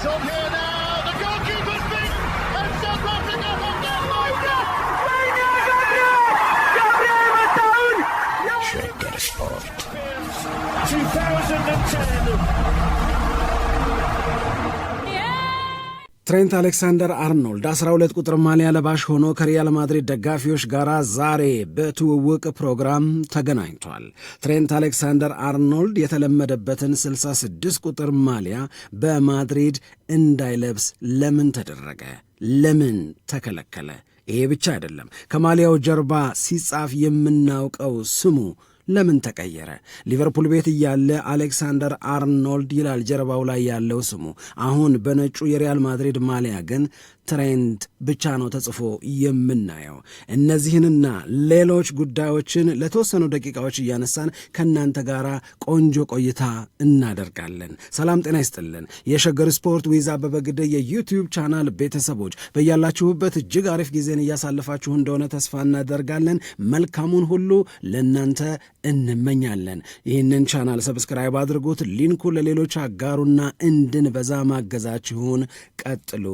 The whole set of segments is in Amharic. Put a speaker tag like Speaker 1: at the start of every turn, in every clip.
Speaker 1: It's on here. ትሬንት አሌክሳንደር አርኖልድ 12 ቁጥር ማሊያ ለባሽ ሆኖ ከሪያል ማድሪድ ደጋፊዎች ጋር ዛሬ በትውውቅ ፕሮግራም ተገናኝቷል። ትሬንት አሌክሳንደር አርኖልድ የተለመደበትን 66 ቁጥር ማሊያ በማድሪድ እንዳይለብስ ለምን ተደረገ? ለምን ተከለከለ? ይሄ ብቻ አይደለም። ከማሊያው ጀርባ ሲጻፍ የምናውቀው ስሙ ለምን ተቀየረ? ሊቨርፑል ቤት እያለ አሌክሳንደር አርኖልድ ይላል ጀርባው ላይ ያለው ስሙ። አሁን በነጩ የሪያል ማድሪድ ማሊያ ግን ትሬንድ ብቻ ነው ተጽፎ የምናየው። እነዚህንና ሌሎች ጉዳዮችን ለተወሰኑ ደቂቃዎች እያነሳን ከእናንተ ጋር ቆንጆ ቆይታ እናደርጋለን። ሰላም ጤና ይስጥልን። የሸገር ስፖርት ዊዝ አበበ ግደይ የዩቲዩብ ቻናል ቤተሰቦች በያላችሁበት እጅግ አሪፍ ጊዜን እያሳለፋችሁ እንደሆነ ተስፋ እናደርጋለን። መልካሙን ሁሉ ለእናንተ እንመኛለን። ይህንን ቻናል ሰብስክራይብ አድርጉት፣ ሊንኩ ለሌሎች አጋሩና እንድንበዛ ማገዛችሁን ቀጥሉ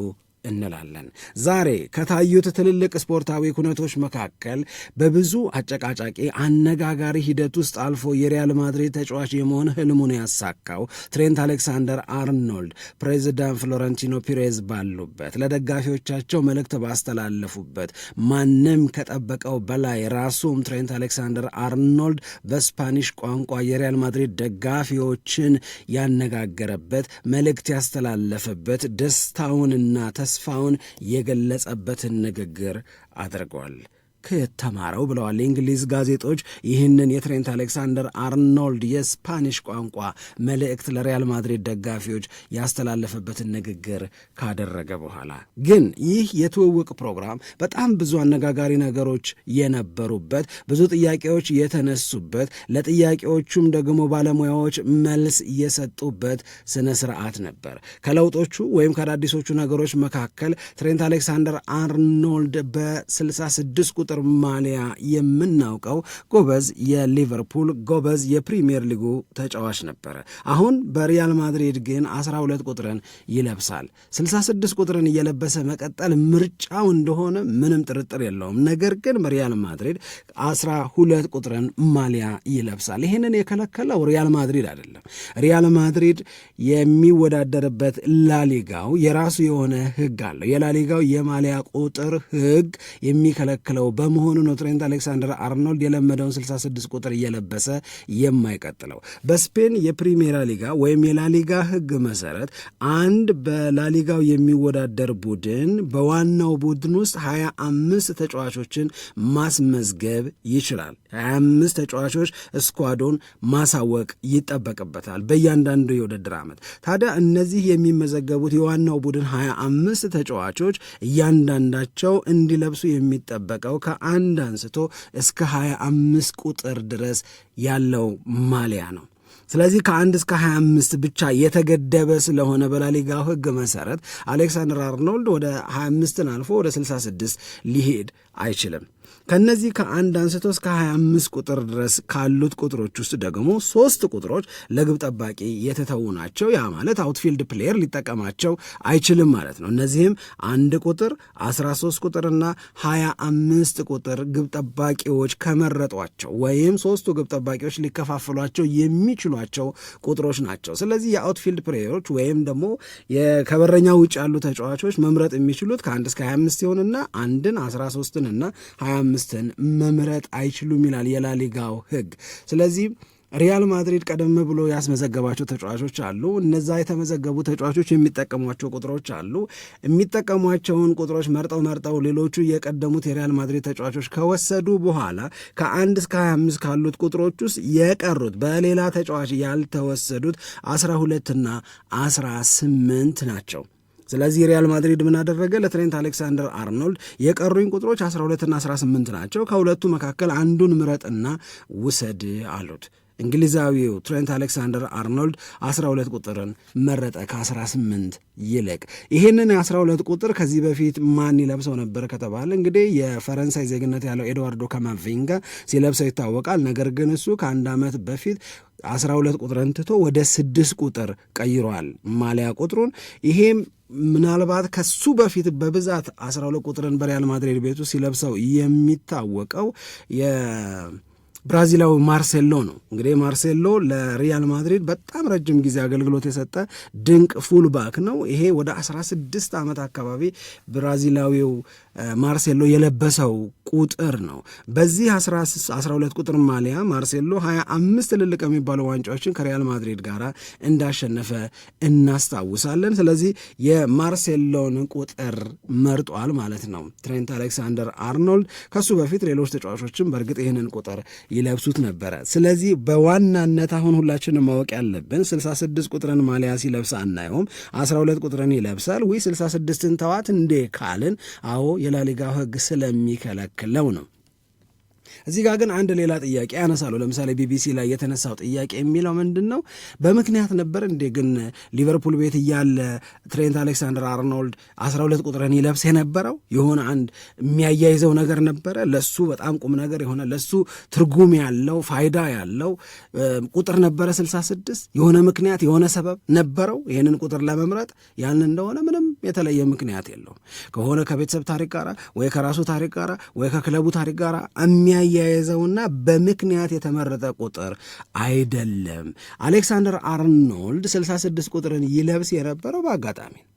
Speaker 1: እንላለን። ዛሬ ከታዩት ትልልቅ ስፖርታዊ ኩነቶች መካከል በብዙ አጨቃጫቂ አነጋጋሪ ሂደት ውስጥ አልፎ የሪያል ማድሪድ ተጫዋች የመሆን ህልሙን ያሳካው ትሬንት አሌክሳንደር አርኖልድ ፕሬዚዳንት ፍሎረንቲኖ ፒሬዝ ባሉበት ለደጋፊዎቻቸው መልእክት ባስተላለፉበት ማንም ከጠበቀው በላይ ራሱም ትሬንት አሌክሳንደር አርኖልድ በስፓኒሽ ቋንቋ የሪያል ማድሪድ ደጋፊዎችን ያነጋገረበት መልእክት ያስተላለፈበት ደስታውንና ተስ ተስፋውን የገለጸበትን ንግግር አድርጓል። ከየት ተማረው ብለዋል የእንግሊዝ ጋዜጦች። ይህንን የትሬንት አሌክሳንደር አርኖልድ የስፓኒሽ ቋንቋ መልእክት ለሪያል ማድሪድ ደጋፊዎች ያስተላለፈበትን ንግግር ካደረገ በኋላ ግን ይህ የትውውቅ ፕሮግራም በጣም ብዙ አነጋጋሪ ነገሮች የነበሩበት፣ ብዙ ጥያቄዎች የተነሱበት፣ ለጥያቄዎቹም ደግሞ ባለሙያዎች መልስ የሰጡበት ስነ ስርዓት ነበር። ከለውጦቹ ወይም ከአዳዲሶቹ ነገሮች መካከል ትሬንት አሌክሳንደር አርኖልድ በ66 ቁጥር ቁጥር ማሊያ የምናውቀው ጎበዝ የሊቨርፑል ጎበዝ የፕሪሚየር ሊጉ ተጫዋች ነበረ። አሁን በሪያል ማድሪድ ግን 12 ቁጥርን ይለብሳል። 66 ቁጥርን እየለበሰ መቀጠል ምርጫው እንደሆነ ምንም ጥርጥር የለውም። ነገር ግን በሪያል ማድሪድ 12 ቁጥርን ማሊያ ይለብሳል። ይህንን የከለከለው ሪያል ማድሪድ አይደለም። ሪያል ማድሪድ የሚወዳደርበት ላሊጋው የራሱ የሆነ ህግ አለው። የላሊጋው የማሊያ ቁጥር ህግ የሚከለክለው በ በመሆኑ ነው ትሬንት አሌክሳንደር አርኖልድ የለመደውን 66 ቁጥር እየለበሰ የማይቀጥለው። በስፔን የፕሪሜራ ሊጋ ወይም የላሊጋ ህግ መሰረት አንድ በላሊጋው የሚወዳደር ቡድን በዋናው ቡድን ውስጥ 25 ተጫዋቾችን ማስመዝገብ ይችላል። 25 ተጫዋቾች ስኳዶን ማሳወቅ ይጠበቅበታል በእያንዳንዱ የውድድር ዓመት። ታዲያ እነዚህ የሚመዘገቡት የዋናው ቡድን 25 ተጫዋቾች እያንዳንዳቸው እንዲለብሱ የሚጠበቀው ከ 21 አንስቶ እስከ 25 ቁጥር ድረስ ያለው ማሊያ ነው። ስለዚህ ከአንድ እስከ 25 ብቻ የተገደበ ስለሆነ በላሊጋው ሕግ መሰረት አሌክሳንደር አርኖልድ ወደ 25ን አልፎ ወደ 66 ሊሄድ አይችልም። ከነዚህ ከአንድ አንስቶ እስከ 25 ቁጥር ድረስ ካሉት ቁጥሮች ውስጥ ደግሞ ሶስት ቁጥሮች ለግብ ጠባቂ የተተዉ ናቸው። ያ ማለት አውትፊልድ ፕሌየር ሊጠቀማቸው አይችልም ማለት ነው። እነዚህም አንድ ቁጥር፣ 13 ቁጥርና 25 ቁጥር ግብ ጠባቂዎች ከመረጧቸው ወይም ሶስቱ ግብ ጠባቂዎች ሊከፋፍሏቸው የሚችሏቸው ቁጥሮች ናቸው። ስለዚህ የአውትፊልድ ፕሌየሮች ወይም ደግሞ ከበረኛ ውጭ ያሉ ተጫዋቾች መምረጥ የሚችሉት ከአንድ እስከ 25 ሲሆንና አንድን 13ን እና 25 አምስትን መምረጥ አይችሉም ይላል የላሊጋው ህግ ስለዚህ ሪያል ማድሪድ ቀደም ብሎ ያስመዘገባቸው ተጫዋቾች አሉ። እነዛ የተመዘገቡ ተጫዋቾች የሚጠቀሟቸው ቁጥሮች አሉ። የሚጠቀሟቸውን ቁጥሮች መርጠው መርጠው ሌሎቹ የቀደሙት የሪያል ማድሪድ ተጫዋቾች ከወሰዱ በኋላ ከአንድ እስከ 25 ካሉት ቁጥሮች ውስጥ የቀሩት በሌላ ተጫዋች ያልተወሰዱት 12ና 18 ናቸው። ስለዚህ ሪያል ማድሪድ ምን አደረገ? ለትሬንት አሌክሳንደር አርኖልድ የቀሩኝ ቁጥሮች 12ና 18 ናቸው፣ ከሁለቱ መካከል አንዱን ምረጥና ውሰድ አሉት። እንግሊዛዊው ትሬንት አሌክሳንደር አርኖልድ 12 ቁጥርን መረጠ ከ18 ይልቅ። ይህንን 12 ቁጥር ከዚህ በፊት ማን ይለብሰው ነበር ከተባለ እንግዲህ የፈረንሳይ ዜግነት ያለው ኤድዋርዶ ካማቪንጋ ሲለብሰው ይታወቃል። ነገር ግን እሱ ከአንድ ዓመት በፊት ሁለት ቁጥርን ትቶ ወደ ስድስት ቁጥር ቀይሯል ማሊያ ቁጥሩን። ይሄም ምናልባት ከሱ በፊት በብዛት 12 ቁጥርን በሪያል ማድሪድ ቤቱ ሲለብሰው የሚታወቀው ብራዚላዊ ማርሴሎ ነው። እንግዲህ ማርሴሎ ለሪያል ማድሪድ በጣም ረጅም ጊዜ አገልግሎት የሰጠ ድንቅ ፉልባክ ነው። ይሄ ወደ 16 ዓመት አካባቢ ብራዚላዊው ማርሴሎ የለበሰው ቁጥር ነው። በዚህ 12 ቁጥር ማሊያ ማርሴሎ 25 ትልልቅ የሚባሉ ዋንጫዎችን ከሪያል ማድሪድ ጋር እንዳሸነፈ እናስታውሳለን። ስለዚህ የማርሴሎን ቁጥር መርጧል ማለት ነው ትሬንት አሌክሳንደር አርኖልድ። ከሱ በፊት ሌሎች ተጫዋቾችም በእርግጥ ይህንን ቁጥር ይለብሱት ነበረ። ስለዚህ በዋናነት አሁን ሁላችንም ማወቅ ያለብን 66 ቁጥርን ማሊያ ሲለብስ አናየውም። 12 ቁጥርን ይለብሳል። ዊ 66ን ተዋት እንዴ ካልን አዎ የላሊጋው ህግ ስለሚከለክለው ነው። እዚህ ጋር ግን አንድ ሌላ ጥያቄ ያነሳሉ። ለምሳሌ ቢቢሲ ላይ የተነሳው ጥያቄ የሚለው ምንድን ነው? በምክንያት ነበር እንዴ ግን ሊቨርፑል ቤት እያለ ትሬንት አሌክሳንደር አርኖልድ 12 ሁለት ቁጥርን ይለብስ የነበረው የሆነ አንድ የሚያያይዘው ነገር ነበረ። ለሱ በጣም ቁም ነገር የሆነ ለሱ ትርጉም ያለው ፋይዳ ያለው ቁጥር ነበረ 66 የሆነ ምክንያት የሆነ ሰበብ ነበረው ይህንን ቁጥር ለመምረጥ ያን እንደሆነ ምንም የተለየ ምክንያት የለውም። ከሆነ ከቤተሰብ ታሪክ ጋራ ወይ ከራሱ ታሪክ ጋራ ወይ ከክለቡ ታሪክ ጋራ የሚያያይዘውና በምክንያት የተመረጠ ቁጥር አይደለም። አሌክሳንደር አርኖልድ 66 ቁጥርን ይለብስ የነበረው በአጋጣሚ ነው።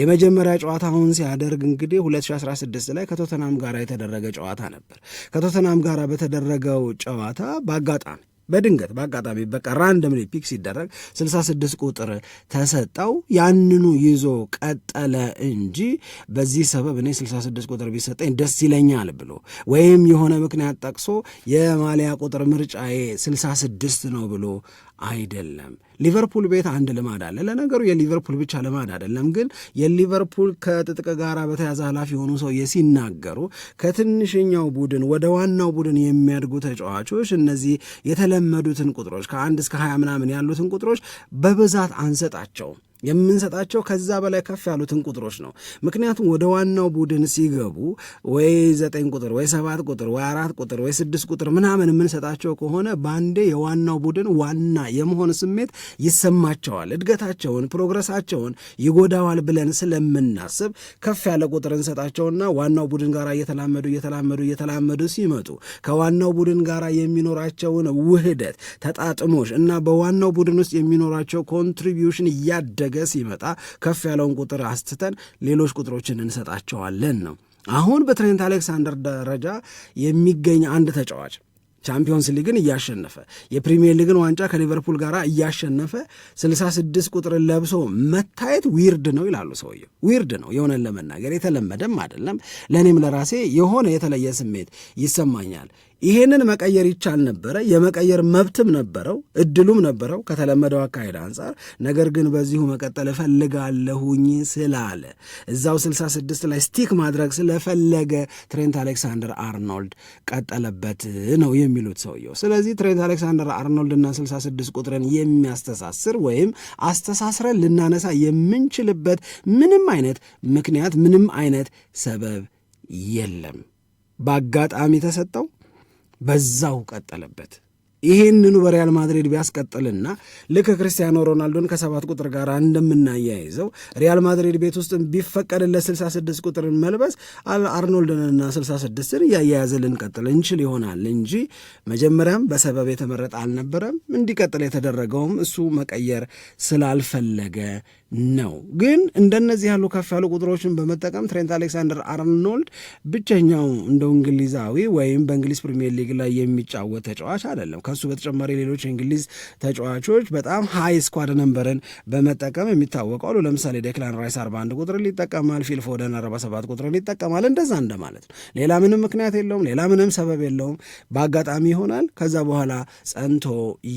Speaker 1: የመጀመሪያ ጨዋታውን ሲያደርግ እንግዲህ 2016 ላይ ከቶተናም ጋር የተደረገ ጨዋታ ነበር። ከቶተናም ጋር በተደረገው ጨዋታ በአጋጣሚ በድንገት በአጋጣሚ በቃ ራንደም ፒክ ሲደረግ 66 ቁጥር ተሰጠው። ያንኑ ይዞ ቀጠለ እንጂ በዚህ ሰበብ እኔ 66 ቁጥር ቢሰጠኝ ደስ ይለኛል ብሎ ወይም የሆነ ምክንያት ጠቅሶ የማሊያ ቁጥር ምርጫዬ 66 ነው ብሎ አይደለም። ሊቨርፑል ቤት አንድ ልማድ አለ። ለነገሩ የሊቨርፑል ብቻ ልማድ አይደለም፣ ግን የሊቨርፑል ከጥጥቅ ጋር በተያዘ ኃላፊ የሆኑ ሰው ሲናገሩ ከትንሽኛው ቡድን ወደ ዋናው ቡድን የሚያድጉ ተጫዋቾች እነዚህ የተለመዱትን ቁጥሮች ከአንድ እስከ ሀያ ምናምን ያሉትን ቁጥሮች በብዛት አንሰጣቸውም የምንሰጣቸው ከዛ በላይ ከፍ ያሉትን ቁጥሮች ነው። ምክንያቱም ወደ ዋናው ቡድን ሲገቡ ወይ ዘጠኝ ቁጥር ወይ ሰባት ቁጥር ወይ አራት ቁጥር ወይ ስድስት ቁጥር ምናምን የምንሰጣቸው ከሆነ በአንዴ የዋናው ቡድን ዋና የመሆን ስሜት ይሰማቸዋል። እድገታቸውን፣ ፕሮግረሳቸውን ይጎዳዋል ብለን ስለምናስብ ከፍ ያለ ቁጥር እንሰጣቸውና ዋናው ቡድን ጋር እየተላመዱ እየተላመዱ እየተላመዱ ሲመጡ ከዋናው ቡድን ጋር የሚኖራቸውን ውህደት ተጣጥሞሽ እና በዋናው ቡድን ውስጥ የሚኖራቸው ኮንትሪቢሽን እያደገ እያደገ ሲመጣ ከፍ ያለውን ቁጥር አስትተን ሌሎች ቁጥሮችን እንሰጣቸዋለን ነው። አሁን በትሬንት አሌክሳንደር ደረጃ የሚገኝ አንድ ተጫዋች ቻምፒዮንስ ሊግን እያሸነፈ የፕሪሚየር ሊግን ዋንጫ ከሊቨርፑል ጋር እያሸነፈ 66 ቁጥርን ለብሶ መታየት ዊርድ ነው ይላሉ ሰውየው። ዊርድ ነው የሆነን ለመናገር የተለመደም አይደለም። ለእኔም ለራሴ የሆነ የተለየ ስሜት ይሰማኛል። ይሄንን መቀየር ይቻል ነበረ። የመቀየር መብትም ነበረው፣ እድሉም ነበረው ከተለመደው አካሄድ አንጻር። ነገር ግን በዚሁ መቀጠል እፈልጋለሁኝ ስላለ እዛው 66 ላይ ስቲክ ማድረግ ስለፈለገ ትሬንት አሌክሳንደር አርኖልድ ቀጠለበት ነው የሚሉት ሰውየው። ስለዚህ ትሬንት አሌክሳንደር አርኖልድ እና 66 ቁጥርን የሚያስተሳስር ወይም አስተሳስረን ልናነሳ የምንችልበት ምንም አይነት ምክንያት ምንም አይነት ሰበብ የለም። በአጋጣሚ ተሰጠው በዛው ቀጠለበት። ይህንኑ በሪያል ማድሪድ ቢያስቀጥልና ልክ ክርስቲያኖ ሮናልዶን ከሰባት ቁጥር ጋር እንደምናያይዘው ሪያል ማድሪድ ቤት ውስጥ ቢፈቀድለት 66 ቁጥርን መልበስ አርኖልድንና 66ን እያያያዘ ልንቀጥል እንችል ይሆናል እንጂ መጀመሪያም በሰበብ የተመረጠ አልነበረም። እንዲቀጥል የተደረገውም እሱ መቀየር ስላልፈለገ ነው። ግን እንደነዚህ ያሉ ከፍ ያሉ ቁጥሮችን በመጠቀም ትሬንት አሌክሳንደር አርኖልድ ብቸኛው እንደው እንግሊዛዊ ወይም በእንግሊዝ ፕሪሚየር ሊግ ላይ የሚጫወት ተጫዋች አይደለም። ከሱ በተጨማሪ ሌሎች የእንግሊዝ ተጫዋቾች በጣም ሀይ ስኳድ ነንበርን በመጠቀም የሚታወቃሉ። ለምሳሌ ዴክላን ራይስ 41 ቁጥር ይጠቀማል፣ ፊል ፎደን 47 ቁጥር ይጠቀማል። እንደዛ እንደማለት ነው። ሌላ ምንም ምክንያት የለውም። ሌላ ምንም ሰበብ የለውም። በአጋጣሚ ይሆናል። ከዛ በኋላ ጸንቶ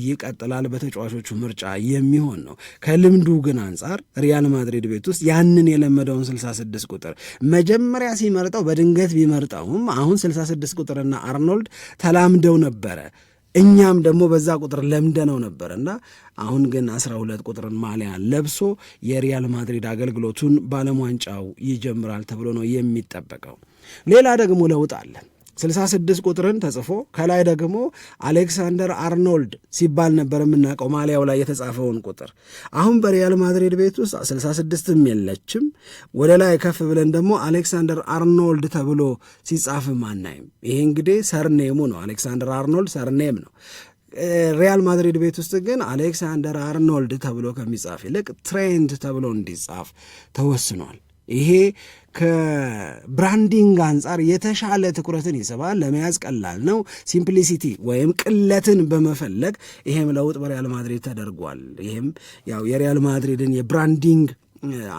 Speaker 1: ይቀጥላል። በተጫዋቾቹ ምርጫ የሚሆን ነው። ከልምዱ ግን አንጻር ቁጥር ሪያል ማድሪድ ቤት ውስጥ ያንን የለመደውን 66 ቁጥር መጀመሪያ ሲመርጠው በድንገት ቢመርጠውም አሁን 66 ቁጥርና አርኖልድ ተላምደው ነበረ። እኛም ደግሞ በዛ ቁጥር ለምደነው ነበር እና አሁን ግን 12 ቁጥርን ማሊያ ለብሶ የሪያል ማድሪድ አገልግሎቱን ባለም ዋንጫው ይጀምራል ተብሎ ነው የሚጠበቀው። ሌላ ደግሞ ለውጥ አለ። 66 ቁጥርን ተጽፎ ከላይ ደግሞ አሌክሳንደር አርኖልድ ሲባል ነበር የምናውቀው ማሊያው ላይ የተጻፈውን ቁጥር። አሁን በሪያል ማድሪድ ቤት ውስጥ 66ም የለችም። ወደ ላይ ከፍ ብለን ደግሞ አሌክሳንደር አርኖልድ ተብሎ ሲጻፍም አናይም። ይሄ እንግዲህ ሰርኔሙ ነው። አሌክሳንደር አርኖልድ ሰርኔም ነው። ሪያል ማድሪድ ቤት ውስጥ ግን አሌክሳንደር አርኖልድ ተብሎ ከሚጻፍ ይልቅ ትሬንድ ተብሎ እንዲጻፍ ተወስኗል። ይሄ ከብራንዲንግ አንጻር የተሻለ ትኩረትን ይስባል፣ ለመያዝ ቀላል ነው። ሲምፕሊሲቲ ወይም ቅለትን በመፈለግ ይሄም ለውጥ በሪያል ማድሪድ ተደርጓል። ይሄም ያው የሪያል ማድሪድን የብራንዲንግ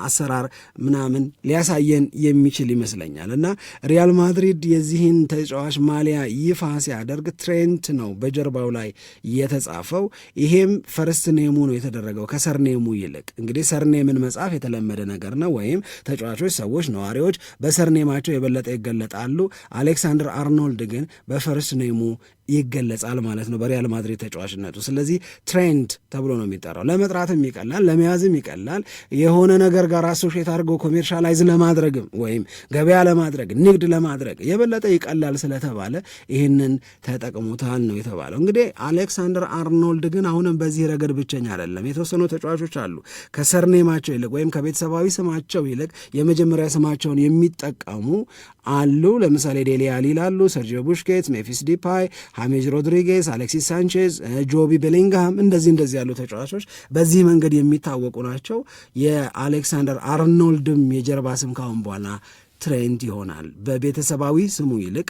Speaker 1: አሰራር ምናምን ሊያሳየን የሚችል ይመስለኛል እና ሪያል ማድሪድ የዚህን ተጫዋች ማሊያ ይፋ ሲያደርግ ትሬንት ነው በጀርባው ላይ የተጻፈው። ይሄም ፈርስት ኔሙ ነው የተደረገው ከሰርኔሙ ይልቅ። እንግዲህ ሰርኔምን መጻፍ የተለመደ ነገር ነው። ወይም ተጫዋቾች፣ ሰዎች፣ ነዋሪዎች በሰርኔማቸው የበለጠ ይገለጣሉ። አሌክሳንደር አርኖልድ ግን በፈርስት ኔሙ ይገለጻል ማለት ነው በሪያል ማድሪድ ተጫዋችነቱ። ስለዚህ ትሬንድ ተብሎ ነው የሚጠራው። ለመጥራትም ይቀላል፣ ለመያዝም ይቀላል። የሆነ ነገር ጋር አሶሼት አድርጎ ኮሜርሻላይዝ ለማድረግም ወይም ገበያ ለማድረግ ንግድ ለማድረግ የበለጠ ይቀላል ስለተባለ ይህንን ተጠቅሞታል ነው የተባለው። እንግዲህ አሌክሳንደር አርኖልድ ግን አሁንም በዚህ ረገድ ብቸኛ አይደለም። የተወሰኑ ተጫዋቾች አሉ ከሰርኔማቸው ይልቅ ወይም ከቤተሰባዊ ስማቸው ይልቅ የመጀመሪያ ስማቸውን የሚጠቀሙ አሉ። ለምሳሌ ዴሊያል ይላሉ፣ ሰርጂዮ ቡሽኬት፣ ሜፊስ ዲፓይ ሀሜጅ ሮድሪጌዝ፣ አሌክሲስ ሳንቼዝ፣ ጆቢ ቤሊንግሃም እንደዚህ እንደዚህ ያሉ ተጫዋቾች በዚህ መንገድ የሚታወቁ ናቸው። የአሌክሳንደር አርኖልድም የጀርባ ስም ካሁን በኋላ ትሬንት ይሆናል። በቤተሰባዊ ስሙ ይልቅ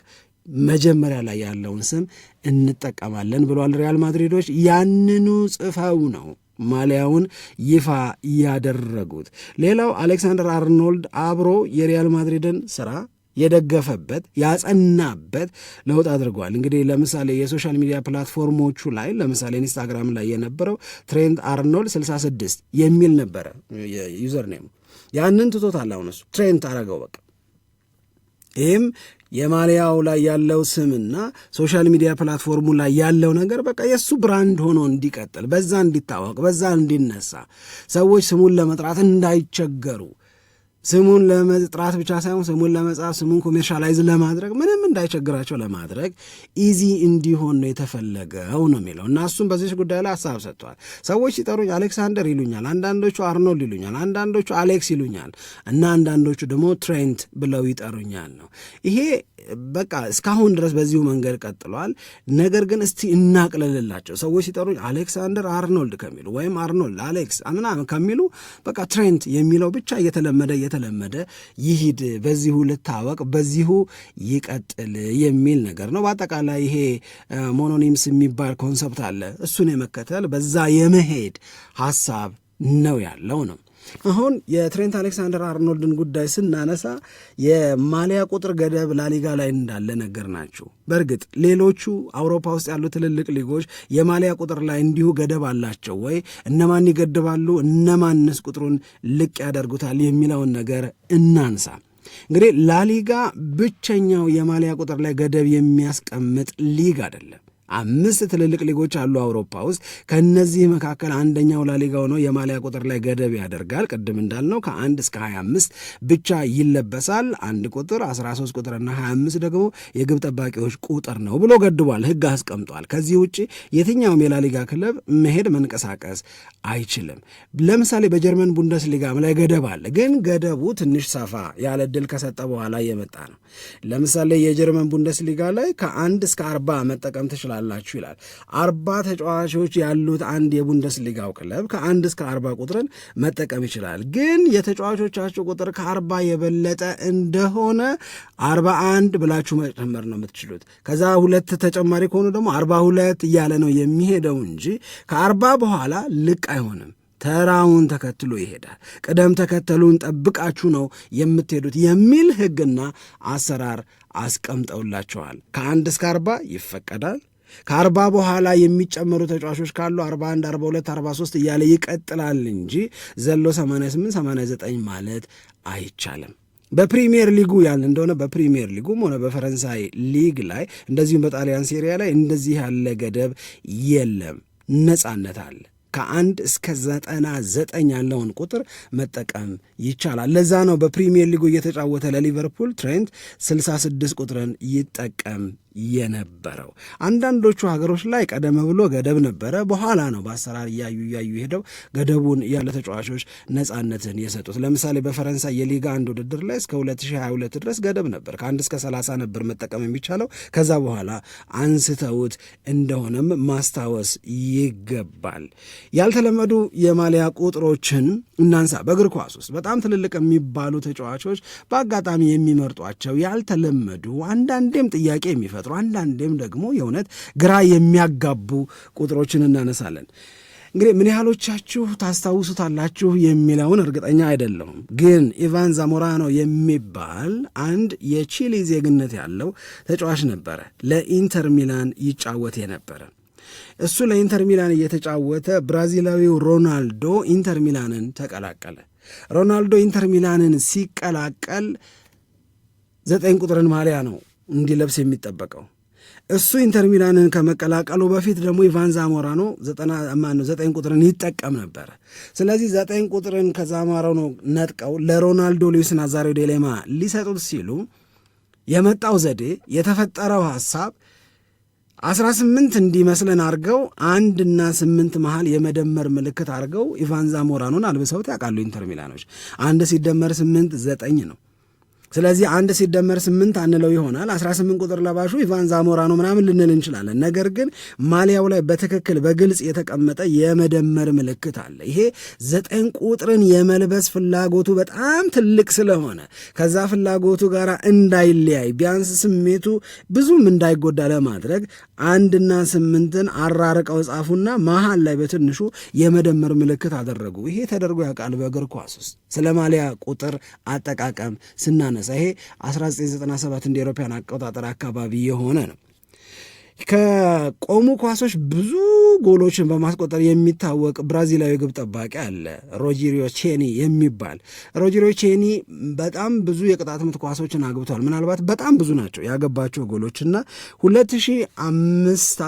Speaker 1: መጀመሪያ ላይ ያለውን ስም እንጠቀማለን ብሏል። ሪያል ማድሪዶች ያንኑ ጽፈው ነው ማሊያውን ይፋ ያደረጉት። ሌላው አሌክሳንደር አርኖልድ አብሮ የሪያል ማድሪድን ስራ የደገፈበት ያጸናበት ለውጥ አድርጓል። እንግዲህ ለምሳሌ የሶሻል ሚዲያ ፕላትፎርሞቹ ላይ ለምሳሌ ኢንስታግራም ላይ የነበረው ትሬንት አርኖልድ 66 የሚል ነበረ ዩዘር ያንን ትቶታል። አሁን እሱ ትሬንት አረገው በቃ። ይህም የማሊያው ላይ ያለው ስምና ሶሻል ሚዲያ ፕላትፎርሙ ላይ ያለው ነገር በቃ የእሱ ብራንድ ሆኖ እንዲቀጥል፣ በዛ እንዲታወቅ፣ በዛ እንዲነሳ ሰዎች ስሙን ለመጥራት እንዳይቸገሩ ስሙን ለመጥራት ብቻ ሳይሆን ስሙን ለመጻፍ ስሙን ኮሜርሻላይዝ ለማድረግ ምንም እንዳይቸግራቸው ለማድረግ ኢዚ እንዲሆን ነው የተፈለገው ነው የሚለው እና እሱም በዚህ ጉዳይ ላይ ሀሳብ ሰጥቷል። ሰዎች ሲጠሩኝ አሌክሳንደር ይሉኛል፣ አንዳንዶቹ አርኖልድ ይሉኛል፣ አንዳንዶቹ አሌክስ ይሉኛል እና አንዳንዶቹ ደግሞ ትሬንት ብለው ይጠሩኛል ነው ይሄ በቃ እስካሁን ድረስ በዚሁ መንገድ ቀጥለዋል። ነገር ግን እስቲ እናቅለልላቸው። ሰዎች ሲጠሩ አሌክሳንደር አርኖልድ ከሚሉ ወይም አርኖልድ አሌክስ ምናምን ከሚሉ በቃ ትሬንት የሚለው ብቻ እየተለመደ እየተለመደ ይሂድ፣ በዚሁ ልታወቅ፣ በዚሁ ይቀጥል የሚል ነገር ነው። በአጠቃላይ ይሄ ሞኖኒምስ የሚባል ኮንሰፕት አለ። እሱን የመከተል በዛ የመሄድ ሀሳብ ነው ያለው ነው አሁን የትሬንት አሌክሳንደር አርኖልድን ጉዳይ ስናነሳ የማሊያ ቁጥር ገደብ ላሊጋ ላይ እንዳለ ነገር ናቸው። በእርግጥ ሌሎቹ አውሮፓ ውስጥ ያሉ ትልልቅ ሊጎች የማሊያ ቁጥር ላይ እንዲሁ ገደብ አላቸው ወይ? እነማን ይገድባሉ? እነማንስ ቁጥሩን ልቅ ያደርጉታል? የሚለውን ነገር እናንሳ። እንግዲህ ላሊጋ ብቸኛው የማሊያ ቁጥር ላይ ገደብ የሚያስቀምጥ ሊግ አይደለም። አምስት ትልልቅ ሊጎች አሉ አውሮፓ ውስጥ። ከእነዚህ መካከል አንደኛው ላሊጋው ነው። የማሊያ ቁጥር ላይ ገደብ ያደርጋል። ቅድም እንዳልነው ከአንድ እስከ 25 ብቻ ይለበሳል። አንድ ቁጥር 13 ቁጥርና 25 ደግሞ የግብ ጠባቂዎች ቁጥር ነው ብሎ ገድቧል፣ ህግ አስቀምጧል። ከዚህ ውጭ የትኛውም የላሊጋ ክለብ መሄድ መንቀሳቀስ አይችልም። ለምሳሌ በጀርመን ቡንደስሊጋም ላይ ገደብ አለ፣ ግን ገደቡ ትንሽ ሰፋ ያለ ድል ከሰጠ በኋላ የመጣ ነው። ለምሳሌ የጀርመን ቡንደስሊጋ ላይ ከአንድ እስከ 40 መጠቀም ትችላል ትችላላችሁ ይላል። አርባ ተጫዋቾች ያሉት አንድ የቡንደስሊጋው ክለብ ከአንድ እስከ አርባ ቁጥርን መጠቀም ይችላል። ግን የተጫዋቾቻችሁ ቁጥር ከአርባ የበለጠ እንደሆነ አርባ አንድ ብላችሁ መጨመር ነው የምትችሉት። ከዛ ሁለት ተጨማሪ ከሆኑ ደግሞ አርባ ሁለት እያለ ነው የሚሄደው እንጂ ከአርባ በኋላ ልቅ አይሆንም። ተራውን ተከትሎ ይሄዳል። ቅደም ተከተሉን ጠብቃችሁ ነው የምትሄዱት የሚል ሕግና አሰራር አስቀምጠውላቸዋል ከአንድ እስከ አርባ ይፈቀዳል። ከአርባ በኋላ የሚጨመሩ ተጫዋቾች ካሉ 41 42 43 እያለ ይቀጥላል እንጂ ዘሎ 88 89 ማለት አይቻልም። በፕሪሚየር ሊጉ ያን እንደሆነ በፕሪሚየር ሊጉም ሆነ በፈረንሳይ ሊግ ላይ እንደዚሁም በጣሊያን ሴሪያ ላይ እንደዚህ ያለ ገደብ የለም። ነጻነት አለ። ከአንድ እስከ ዘጠና ያለውን ቁጥር መጠቀም ይቻላል። ለዛ ነው በፕሪሚየር ሊጉ እየተጫወተ ለሊቨርፑል ትሬንት 66 ቁጥርን ይጠቀም የነበረው አንዳንዶቹ ሀገሮች ላይ ቀደም ብሎ ገደብ ነበረ። በኋላ ነው በአሰራር እያዩ እያዩ ሄደው ገደቡን ያለ ተጫዋቾች ነፃነትን የሰጡት። ለምሳሌ በፈረንሳይ የሊጋ አንድ ውድድር ላይ እስከ 2022 ድረስ ገደብ ነበር። ከአንድ እስከ 30 ነበር መጠቀም የሚቻለው። ከዛ በኋላ አንስተውት እንደሆነም ማስታወስ ይገባል። ያልተለመዱ የማሊያ ቁጥሮችን እናንሳ። በእግር ኳስ ውስጥ በጣም ትልልቅ የሚባሉ ተጫዋቾች በአጋጣሚ የሚመርጧቸው ያልተለመዱ አንዳንዴም ጥያቄ የሚፈ የሚፈጥሩ አንዳንዴም ደግሞ የእውነት ግራ የሚያጋቡ ቁጥሮችን እናነሳለን። እንግዲህ ምን ያህሎቻችሁ ታስታውሱታላችሁ የሚለውን እርግጠኛ አይደለሁም፣ ግን ኢቫን ዛሞራኖ የሚባል አንድ የቺሊ ዜግነት ያለው ተጫዋች ነበረ፣ ለኢንተር ሚላን ይጫወት የነበረ። እሱ ለኢንተር ሚላን እየተጫወተ ብራዚላዊው ሮናልዶ ኢንተር ሚላንን ተቀላቀለ። ሮናልዶ ኢንተር ሚላንን ሲቀላቀል ዘጠኝ ቁጥርን ማሊያ ነው እንዲለብስ የሚጠበቀው እሱ ኢንተር ሚላንን ከመቀላቀሉ በፊት ደግሞ ኢቫን ዛሞራኖ ዘጠኝ ቁጥርን ይጠቀም ነበር ስለዚህ ዘጠኝ ቁጥርን ከዛሞራኖ ነጥቀው ለሮናልዶ ሉዊስና ናዛሬው ዴሌማ ሊሰጡት ሲሉ የመጣው ዘዴ የተፈጠረው ሐሳብ 18 እንዲመስለን አድርገው አንድና ስምንት መሃል የመደመር ምልክት አድርገው ኢቫን ዛሞራኖን አልብሰውት ያውቃሉ ኢንተር ሚላኖች። አንድ ሲደመር ስምንት ዘጠኝ ነው። ስለዚህ አንድ ሲደመር ስምንት አንለው ይሆናል 18 ቁጥር ለባሹ ኢቫን ዛሞራ ነው ምናምን ልንል እንችላለን። ነገር ግን ማሊያው ላይ በትክክል በግልጽ የተቀመጠ የመደመር ምልክት አለ። ይሄ ዘጠኝ ቁጥርን የመልበስ ፍላጎቱ በጣም ትልቅ ስለሆነ ከዛ ፍላጎቱ ጋር እንዳይለያይ ቢያንስ ስሜቱ ብዙም እንዳይጎዳ ለማድረግ አንድና ስምንትን አራርቀው ጻፉና መሀል ላይ በትንሹ የመደመር ምልክት አደረጉ። ይሄ ተደርጎ ያውቃል በእግር ኳስ ውስጥ ስለ ማሊያ ቁጥር አጠቃቀም ስናነ አነሳ። ይሄ 1997 እንደ ኤሮፓያን አቆጣጠር አካባቢ የሆነ ነው። ከቆሙ ኳሶች ብዙ ጎሎችን በማስቆጠር የሚታወቅ ብራዚላዊ ግብ ጠባቂ አለ፣ ሮጂሪዮ ቼኒ የሚባል። ሮጂሪዮ ቼኒ በጣም ብዙ የቅጣት ምት ኳሶችን አግብተዋል። ምናልባት በጣም ብዙ ናቸው ያገባቸው ጎሎች እና ሁለት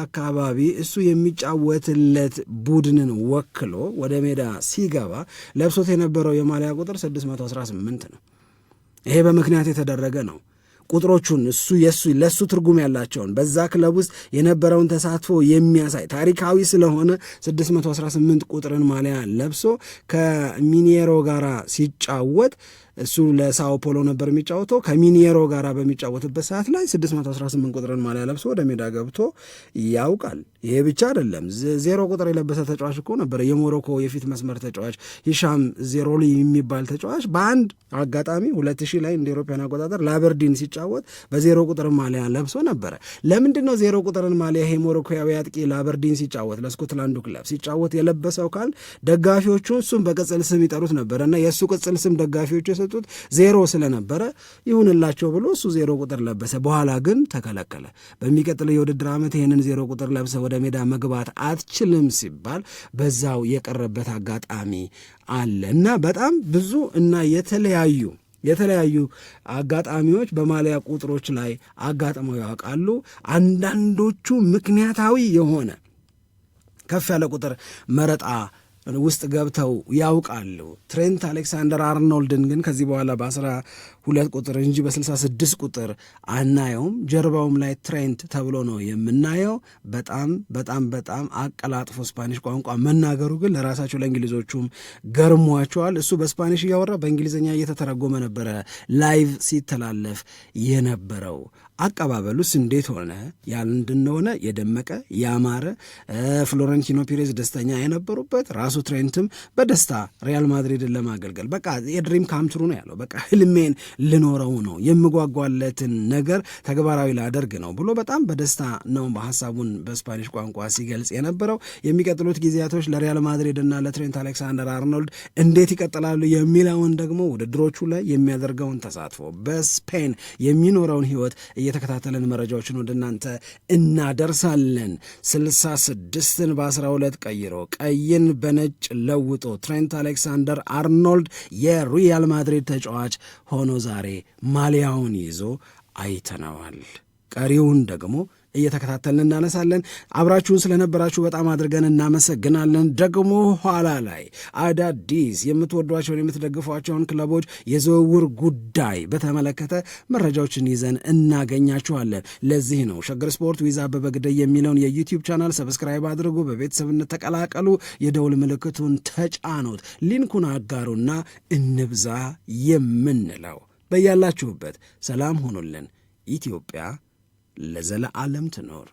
Speaker 1: አካባቢ እሱ የሚጫወትለት ቡድንን ወክሎ ወደ ሜዳ ሲገባ ለብሶት የነበረው የማሊያ ቁጥር 618 ነው። ይሄ በምክንያት የተደረገ ነው። ቁጥሮቹን እሱ የእሱ ለእሱ ትርጉም ያላቸውን በዛ ክለብ ውስጥ የነበረውን ተሳትፎ የሚያሳይ ታሪካዊ ስለሆነ 618 ቁጥርን ማሊያ ለብሶ ከሚኔሮ ጋር ሲጫወት እሱ ለሳው ፖሎ ነበር የሚጫወተው። ከሚኒየሮ ጋር በሚጫወትበት ሰዓት ላይ 618 ቁጥርን ማሊያ ለብሶ ወደ ሜዳ ገብቶ ያውቃል። ይሄ ብቻ አይደለም፣ ዜሮ ቁጥር የለበሰ ተጫዋች እኮ ነበር። የሞሮኮ የፊት መስመር ተጫዋች ሂሻም ዜሮሊ የሚባል ተጫዋች በአንድ አጋጣሚ 2000 ላይ እንደ ኤሮፓውያን አቆጣጠር ላበርዲን ሲጫወት በዜሮ ቁጥር ማሊያ ለብሶ ነበረ። ለምንድን ነው ዜሮ ቁጥርን ማሊያ ይሄ ሞሮኮያዊ አጥቂ ላበርዲን ሲጫወት፣ ለስኮትላንዱ ክለብ ሲጫወት የለበሰው ካል ደጋፊዎቹ እሱም በቅጽል ስም ይጠሩት ነበረ እና የእሱ ቅጽል ስም ደጋፊዎቹ የሰጡት ዜሮ ስለነበረ ይሁንላቸው ብሎ እሱ ዜሮ ቁጥር ለበሰ። በኋላ ግን ተከለከለ። በሚቀጥለው የውድድር ዓመት ይህንን ዜሮ ቁጥር ለብሰ ወደ ሜዳ መግባት አትችልም ሲባል በዛው የቀረበት አጋጣሚ አለ እና በጣም ብዙ እና የተለያዩ የተለያዩ አጋጣሚዎች በማሊያ ቁጥሮች ላይ አጋጥመው ያውቃሉ። አንዳንዶቹ ምክንያታዊ የሆነ ከፍ ያለ ቁጥር መረጣ ውስጥ ገብተው ያውቃሉ። ትሬንት አሌክሳንደር አርኖልድን ግን ከዚህ በኋላ በአስራ ሁለት ቁጥር እንጂ በ66 ቁጥር አናየውም። ጀርባውም ላይ ትሬንት ተብሎ ነው የምናየው። በጣም በጣም በጣም አቀላጥፎ ስፓኒሽ ቋንቋ መናገሩ ግን ለራሳቸው ለእንግሊዞቹም ገርሟቸዋል። እሱ በስፓኒሽ እያወራ በእንግሊዝኛ እየተተረጎመ ነበረ ላይቭ ሲተላለፍ የነበረው። አቀባበሉስ እንዴት ሆነ ያል የደመቀ ያማረ፣ ፍሎረንቲኖ ፒሬዝ ደስተኛ የነበሩበት ራሱ ትሬንትም በደስታ ሪያል ማድሪድን ለማገልገል በቃ የድሪም ካምትሩ ነው ያለው በቃ ህልሜን ልኖረው ነው የምጓጓለትን ነገር ተግባራዊ ላደርግ ነው ብሎ በጣም በደስታ ነው በሀሳቡን በስፓኒሽ ቋንቋ ሲገልጽ የነበረው። የሚቀጥሉት ጊዜያቶች ለሪያል ማድሪድ እና ለትሬንት አሌክሳንደር አርኖልድ እንዴት ይቀጥላሉ የሚለውን ደግሞ ውድድሮቹ ላይ የሚያደርገውን ተሳትፎ በስፔን የሚኖረውን ህይወት እየተከታተልን መረጃዎችን ወደ እናንተ እናደርሳለን። ስልሳ ስድስትን በአስራ ሁለት ቀይሮ ቀይን በነጭ ለውጦ ትሬንት አሌክሳንደር አርኖልድ የሪያል ማድሪድ ተጫዋች ሆኖ ዛሬ ማሊያውን ይዞ አይተነዋል። ቀሪውን ደግሞ እየተከታተልን እናነሳለን። አብራችሁን ስለነበራችሁ በጣም አድርገን እናመሰግናለን። ደግሞ ኋላ ላይ አዳዲስ የምትወዷቸውን የምትደግፏቸውን ክለቦች የዝውውር ጉዳይ በተመለከተ መረጃዎችን ይዘን እናገኛችኋለን። ለዚህ ነው ሸገር ስፖርት ዊዛ አበበ ግደይ የሚለውን የዩቲዩብ ቻናል ሰብስክራይብ አድርጉ፣ በቤተሰብነት ተቀላቀሉ፣ የደውል ምልክቱን ተጫኑት፣ ሊንኩን አጋሩና እንብዛ የምንለው በያላችሁበት ሰላም ሁኑልን። ኢትዮጵያ ለዘለ ለዘለዓለም ትኖር።